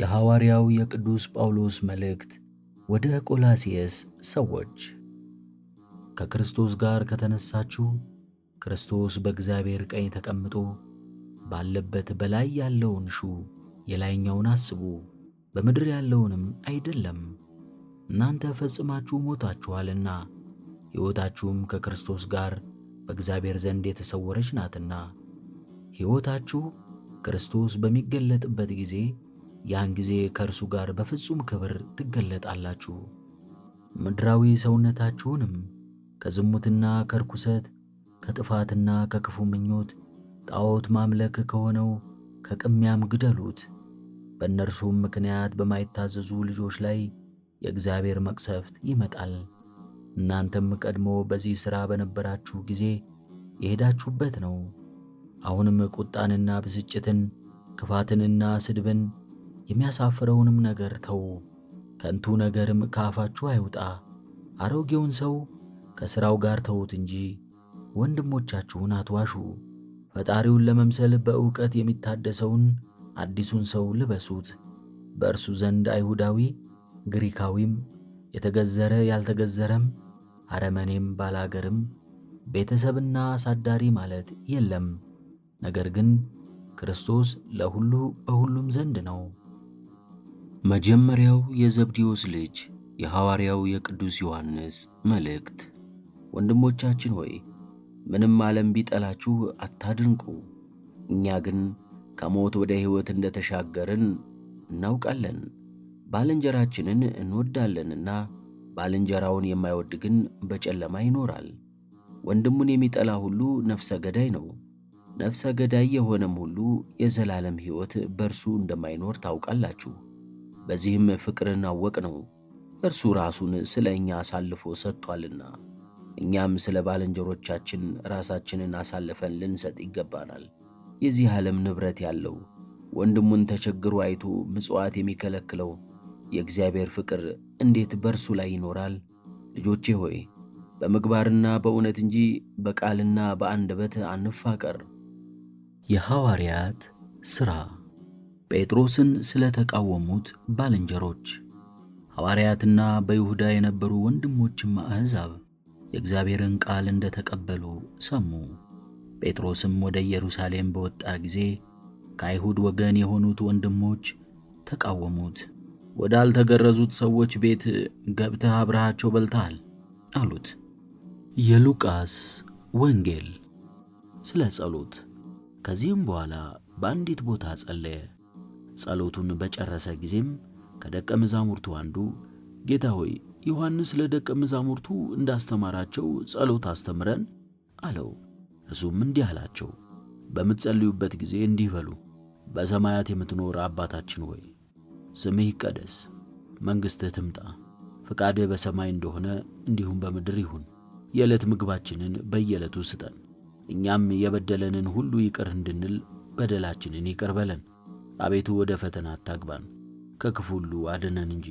የሐዋርያው የቅዱስ ጳውሎስ መልእክት ወደ ቆላስይስ ሰዎች። ከክርስቶስ ጋር ከተነሳችሁ ክርስቶስ በእግዚአብሔር ቀኝ ተቀምጦ ባለበት በላይ ያለውን ሹ የላይኛውን አስቡ፣ በምድር ያለውንም አይደለም። እናንተ ፈጽማችሁ ሞታችኋልና ሕይወታችሁም ከክርስቶስ ጋር በእግዚአብሔር ዘንድ የተሰወረች ናትና ሕይወታችሁ ክርስቶስ በሚገለጥበት ጊዜ ያን ጊዜ ከእርሱ ጋር በፍጹም ክብር ትገለጣላችሁ። ምድራዊ ሰውነታችሁንም ከዝሙትና ከርኩሰት ከጥፋትና ከክፉ ምኞት ጣዖት ማምለክ ከሆነው ከቅሚያም ግደሉት። በእነርሱም ምክንያት በማይታዘዙ ልጆች ላይ የእግዚአብሔር መቅሰፍት ይመጣል። እናንተም ቀድሞ በዚህ ሥራ በነበራችሁ ጊዜ የሄዳችሁበት ነው። አሁንም ቁጣንና ብስጭትን ክፋትንና ስድብን የሚያሳፍረውንም ነገር ተዉ፣ ከንቱ ነገርም ከአፋችሁ አይውጣ። አሮጌውን ሰው ከሥራው ጋር ተዉት እንጂ ወንድሞቻችሁን አትዋሹ። ፈጣሪውን ለመምሰል በእውቀት የሚታደሰውን አዲሱን ሰው ልበሱት። በእርሱ ዘንድ አይሁዳዊ ግሪካዊም፣ የተገዘረ ያልተገዘረም፣ አረመኔም፣ ባላገርም፣ ቤተሰብና አሳዳሪ ማለት የለም። ነገር ግን ክርስቶስ ለሁሉ በሁሉም ዘንድ ነው። መጀመሪያው የዘብዴዎስ ልጅ የሐዋርያው የቅዱስ ዮሐንስ መልእክት። ወንድሞቻችን ሆይ ምንም ዓለም ቢጠላችሁ አታድንቁ፣ እኛ ግን ከሞት ወደ ሕይወት እንደ ተሻገርን እናውቃለን። ባልንጀራችንን እንወዳለንና ባልንጀራውን የማይወድ ግን በጨለማ ይኖራል። ወንድሙን የሚጠላ ሁሉ ነፍሰ ገዳይ ነው። ነፍሰ ገዳይ የሆነም ሁሉ የዘላለም ሕይወት በእርሱ እንደማይኖር ታውቃላችሁ። በዚህም ፍቅርን አወቅነው፣ እርሱ ራሱን ስለ እኛ አሳልፎ ሰጥቷልና። እኛም ስለ ባልንጀሮቻችን ራሳችንን አሳልፈን ልንሰጥ ይገባናል። የዚህ ዓለም ንብረት ያለው ወንድሙን ተቸግሮ አይቶ ምጽዋት የሚከለክለው የእግዚአብሔር ፍቅር እንዴት በእርሱ ላይ ይኖራል? ልጆቼ ሆይ በምግባርና በእውነት እንጂ በቃልና በአንደበት አንፋቀር። የሐዋርያት ሥራ ጴጥሮስን ስለተቃወሙት ባልንጀሮች ሐዋርያትና በይሁዳ የነበሩ ወንድሞችም አሕዛብ የእግዚአብሔርን ቃል እንደ ተቀበሉ ሰሙ። ጴጥሮስም ወደ ኢየሩሳሌም በወጣ ጊዜ ከአይሁድ ወገን የሆኑት ወንድሞች ተቃወሙት። ወዳልተገረዙት ሰዎች ቤት ገብተህ አብረሃቸው በልተሃል አሉት። የሉቃስ ወንጌል ስለ ጸሎት። ከዚህም በኋላ በአንዲት ቦታ ጸለየ። ጸሎቱን በጨረሰ ጊዜም ከደቀ መዛሙርቱ አንዱ ጌታ ሆይ ዮሐንስ ለደቀ መዛሙርቱ እንዳስተማራቸው ጸሎት አስተምረን አለው። እርሱም እንዲህ አላቸው፣ በምትጸልዩበት ጊዜ እንዲህ በሉ፣ በሰማያት የምትኖር አባታችን ሆይ ስምህ ይቀደስ፣ መንግሥትህ ትምጣ፣ ፍቃድህ በሰማይ እንደሆነ እንዲሁም በምድር ይሁን። የዕለት ምግባችንን በየዕለቱ ስጠን፣ እኛም የበደለንን ሁሉ ይቅር እንድንል በደላችንን ይቅር በለን አቤቱ ወደ ፈተና አታግባን፣ ከክፉ ሁሉ አድነን እንጂ